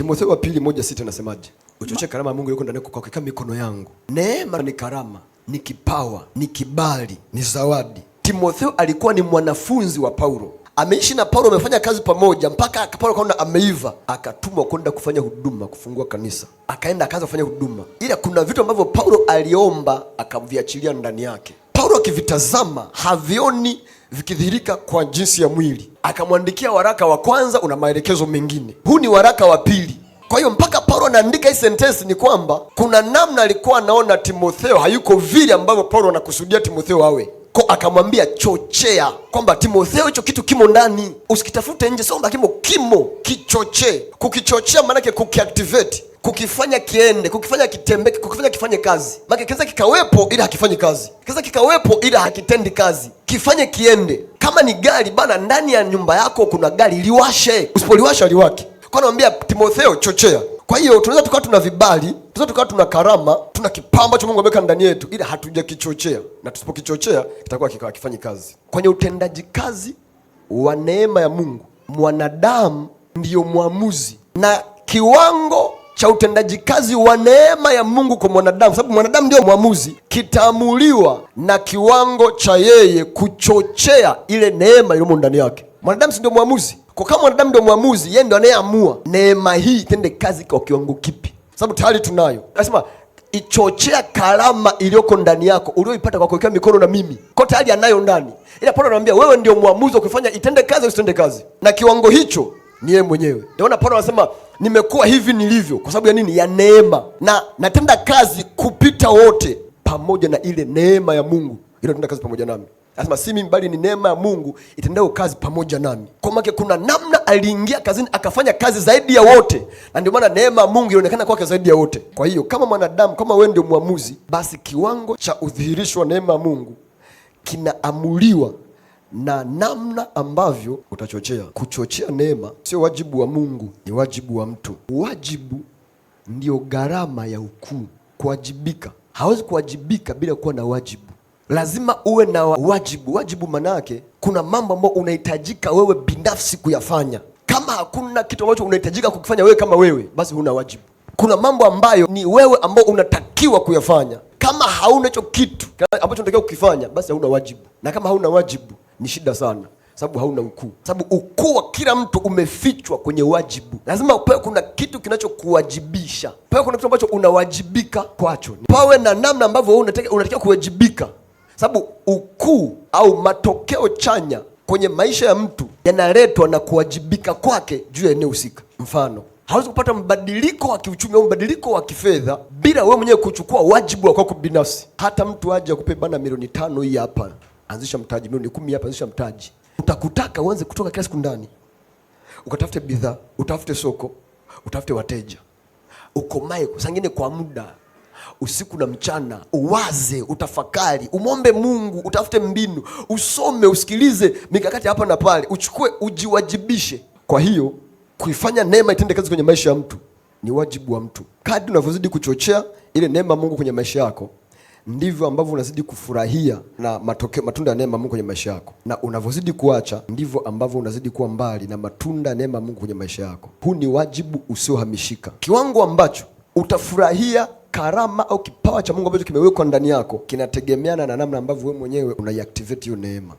Timotheo wa pili moja sita nasemaje? Uchoche karama ya Mungu yuko ndani kwa mikono yangu. Neema ni karama, ni kipawa, ni kibali, ni zawadi. Timotheo alikuwa ni mwanafunzi wa Paulo, ameishi na Paulo, amefanya kazi pamoja mpaka Paulo kaona ameiva, akatumwa kwenda kufanya huduma, kufungua kanisa, akaenda akaanza kufanya huduma, ila kuna vitu ambavyo Paulo aliomba akaviachilia ndani yake. Paulo akivitazama havioni vikidhihirika kwa jinsi ya mwili. Akamwandikia waraka wa kwanza una maelekezo mengine, huu ni waraka wa pili. Kwa hiyo mpaka Paulo anaandika hii sentensi ni kwamba kuna namna alikuwa anaona Timotheo hayuko vile ambavyo Paulo anakusudia Timotheo awe ko akamwambia chochea, kwamba Timotheo hicho kitu kimo ndani, usikitafute nje, sio kwamba kimo, kimo kichochee. Kukichochea maanake kukiactivate, kukifanya kiende, kukifanya kitembeke, kukifanya kifanye kazi. Maana kinaweza kikawepo ila hakifanyi kazi, kinaweza kikawepo ila hakitendi kazi. Kifanye kiende. Kama ni gari bana, ndani ya nyumba yako kuna gari, liwashe. Usipoliwasha liwake kwa naambia Timotheo chochea. Kwa hiyo tunaweza tukawa tuna vibali, tunaweza tukawa tuna karama, tuna kipamba ambacho Mungu ameweka ndani yetu, ila hatujakichochea, na tusipokichochea kitakuwa hakifanyi kazi. Kwenye utendaji kazi wa neema ya Mungu, mwanadamu ndiyo mwamuzi na kiwango cha utendaji kazi wa neema ya Mungu kwa mwanadamu, sababu mwanadamu ndiyo mwamuzi, kitaamuliwa na kiwango cha yeye kuchochea ile neema iliyomo ndani yake. Mwanadamu si ndio mwamuzi? Kwa kama mwanadamu ndio mwamuzi, yeye ndio anayeamua neema hii itende kazi kwa kiwango kipi, sababu tayari tunayo. Anasema ichochea karama iliyoko ndani yako ulioipata kwa kuwekea mikono na mimi, kwa tayari anayo ndani, ila Paulo anamwambia wewe ndio mwamuzi wa kufanya itende kazi au isitende kazi, na kiwango hicho ni yeye mwenyewe. Ndio maana Paulo anasema nimekuwa hivi nilivyo kwa sababu ya nini? Ya neema, na natenda kazi kupita wote pamoja na ile neema ya Mungu inatenda kazi pamoja nami. Anasema si mimi bali ni neema ya Mungu itendao kazi pamoja nami. Kwa kuna namna aliingia kazini akafanya kazi zaidi ya wote, na ndio maana neema ya Mungu ilionekana kwake zaidi ya wote. Kwa hiyo kama mwanadamu, kama wee ndio mwamuzi, basi kiwango cha udhihirisho wa neema ya Mungu kinaamuliwa na namna ambavyo utachochea. Kuchochea neema sio wajibu wa Mungu, ni wajibu wa mtu. Wajibu ndiyo gharama ya ukuu, kuwajibika. Hawezi kuwajibika bila kuwa na wajibu lazima uwe na wajibu. Wajibu manake kuna mambo ambayo unahitajika wewe binafsi kuyafanya. Kama hakuna kitu ambacho unahitajika kukifanya wewe kama wewe, basi huna wajibu. Kuna mambo ambayo ni wewe ambao unatakiwa kuyafanya. Kama hauna hicho kitu ambacho unatakiwa kukifanya, basi hauna wajibu, na kama hauna wajibu ni shida sana sababu hauna ukuu, sababu ukuu wa kila mtu umefichwa kwenye wajibu. Lazima pawe kuna kitu kinachokuwajibisha, pawe kuna kitu ambacho unawajibika kwacho, pawe na namna ambavyo unatakiwa kuwajibika sababu ukuu au matokeo chanya kwenye maisha ya mtu yanaletwa na kuwajibika kwake juu ya eneo husika. Mfano, hawezi kupata mbadiliko wa kiuchumi au mbadiliko wa kifedha bila wewe mwenyewe kuchukua wajibu wa kwako binafsi. Hata mtu aje akupe bana milioni tano hii hapa, anzisha mtaji, milioni kumi hapa, anzisha mtaji, utakutaka uanze kutoka kila siku ndani, ukatafute bidhaa, utafute soko, utafute wateja, ukomae sangine kwa muda usiku na mchana, uwaze, utafakari, umwombe Mungu, utafute mbinu, usome, usikilize mikakati hapa na pale, uchukue, ujiwajibishe. Kwa hiyo kuifanya neema itende kazi kwenye maisha ya mtu ni wajibu wa mtu. Kadri unavyozidi kuchochea ile neema Mungu kwenye maisha yako ndivyo ambavyo unazidi kufurahia na matokeo matunda ya neema Mungu kwenye maisha yako, na unavyozidi kuacha ndivyo ambavyo unazidi kuwa mbali na matunda ya neema Mungu kwenye maisha yako. Huu ni wajibu usiohamishika, kiwango ambacho utafurahia karama au kipawa cha Mungu ambacho kimewekwa ndani yako kinategemeana na namna ambavyo wewe mwenyewe unaiactivate hiyo neema.